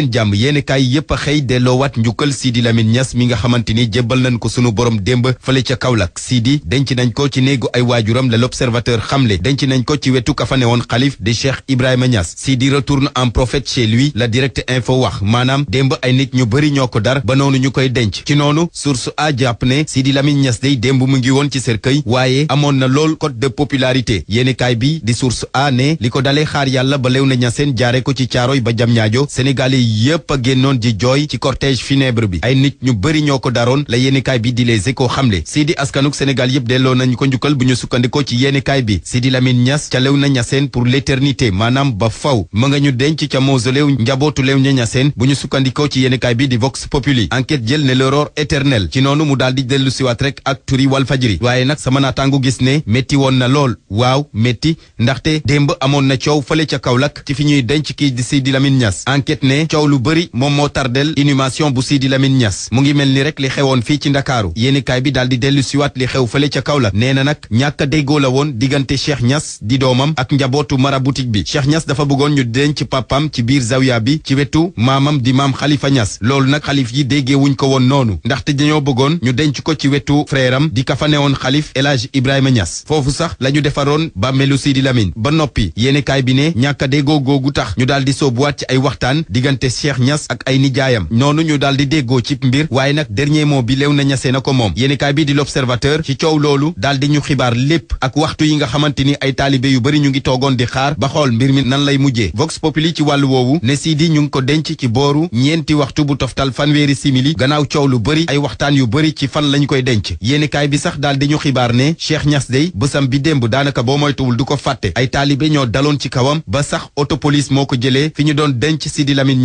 leen jàmm yéeni kaay yépp a xëy delloowaat njukkal Sidi Lamine Niass mi nga xamante ni jébbal ko ci néegu ay waajuram la l'observateur xamle denc nañ ko ci wetu ka fa newoon xalif di Cheikh Ibrahima Niass Sidi retourne en info wax maanaam démb ay nit ñu bëri ñoo ko dar ba noonu ñu koy denc ci noonu source a jàpp ne Sidi Lamine Niass day démb mu ngi woon ci cercueil waaye amoon na lool cote de popularité yéeni kaay bi di source a ne li ko dalee xaar yàlla ba lew na ñaseen jaare ko ci caaroy ba jam ñaajo yépp a génnoon di jooy ci cortège funèbre bi ay nit ñu bëri ñoo ko daroon la yéenikaay bi di Les Échos xamle sii di askanuk Sénégal yépp delloo nañu ko njukkal bu ñu sukkandikoo ci yéenikaay bi sii di Lamine Niass ca Léona Niassène pour l'éternité maanaam ba faw ma nga ñu denc ca mausoléew njabootu Léona Niassène bu ñu sukkandikoo ci yéenikaay bi di Vox Populi enquête jël ne l'aurore éternelle ci noonu mu daal di dellu siwaat ak turi Walfadjri waaye nag coow lu bëri moom moo tardel inhumation bu Sidi Lamine Niass mu ngi mel ni rek li xewoon fii ci ndakaaru yéenikaay bi daal di dellu siwaat li xew fële ca Kaolack nee na nag ñàkk déggoo la woon diggante Cheikh ñas di doomam ak njabootu maraboutique bi Cheikh ñas dafa bëggoon ñu denc papam ci biir zawiya bi ci wetu maamam di maam xalifa ñas loolu nag xalif yi déggee ko woon noonu ndaxte dañoo bëggoon ñu denc ko ci wetu frère di ka fa newoon xalif El Hadj Ibrahima Niass foofu sax la ñu defaroon bàmmeelu Sidi Lamine ba noppi yéenikaay bi ne ñàkk a déggoo tax ñu daal di soobuwaat ci ay waxtaan diggante diggante Cheikh Niass ak ay nijaayam noonu ñu daal di déggoo ci mbir waaye nag dernier mot bi léew na ñasee na ko moom yéenikaay bii di l'observateur ci coow loolu daal di ñu xibaar lépp ak waxtu yi nga xamante ni ay taalibe yu bëri ñu ngi toogoon di xaar ba xool mbir mi nan lay mujjee vox populi ci wàllu woowu ne Sidi ñu ngi ko denc ci booru ñeenti waxtu bu toftal fanweeri simili gannaaw coow lu bëri ay waxtaan yu bëri ci fan lañ koy denc yéenikaay bi sax daal di ñu xibaar ne Cheikh Niass day bësam bi démb daanaka boo moytuwul du ko fàtte ay taalibe ñoo daloon ba sax autopolis moo ko jëlee fi ñu doon denc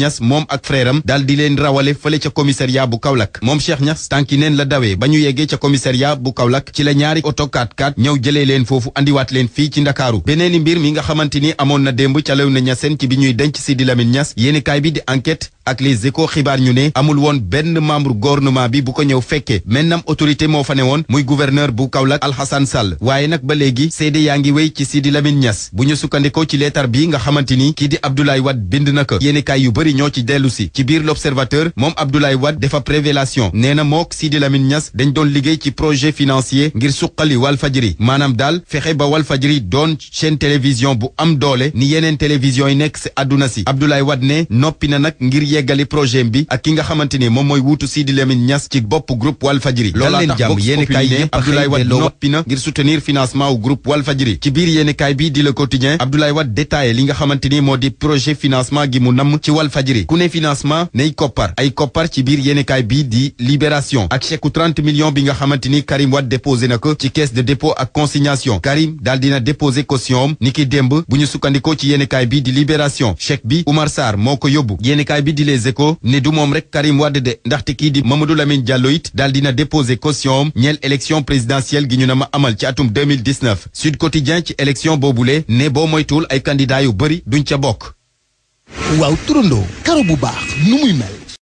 Niass moom ak frèram daal di leen rawale fale ca commissariat bu Kaolack moom Cheikh Niass tànki neen la dawee ba ñu yeggee ca commissariat bu Kaolack ci la ñaari oto 4x4 ñëw jëlee leen foofu andiwaat leen fii ci Ndakaaru beneeni mbir mi nga xamante ni amoon na démb ca Léona Niassène ci bi ñuy denc si Sidi Lamine Niass kaay bi di enquête ak les échos xibaar ñu ne amul woon benn membre gouvernement bi bu ko ñëw fekke maintenant autorité moo fa ne woon muy gouverneur bu Kaolack Alhassane Sall waaye nag ba léegi seede yaa ngi wéy ci Sidi Lamine Niass bu ñu sukkandikoo ci leetar bi nga xamante ni kii di Abdoulaye Wade bind na ko yéenekaay yu bëri ñoo ci dellu si ci biir l'observateur moom Abdoulaye Wade dafa révélation nee na mook Sidi Lamine Niass dañ doon liggéey ci projet financier ngir suqali Walfadjri maanaam daal fexe ba Walfadjri doon chaîne télévision bu am doole ni yeneen télévision yi nekk si àdduna si Abdoulaye Wade ne yeggali projet bi ak ki nga xamante ni moom mooy wuutu Sidi Lamine li nga xamante moo di projet financement gi mu namm ci Walfadjri ku ne financement nay koppar ay koppar ci biir yéenekaay bi di Libération ak chèque 30 bi nga xamante Karim Wade déposé na ci caisse de dépôt ak consignation Karim daal dina déposé caution ni ki démb bu ñu sukkandikoo ci yéenekaay bi di Libération chèque bi Oumar Sarr moo ko yóbbu yéenekaay bi di les échos ne du moom rek Karim Wade de ndaxte kii di Mamadou Lamine Diallo it daal dina déposé caution ñeel élection présidentielle gi ñu na ma amal ci atum 2019 Sud Quotidien ci élection boobule ne boo moytuwul ay candidat yu bëri duñ ca bokk waaw turandoo karo bu baax nu muy mel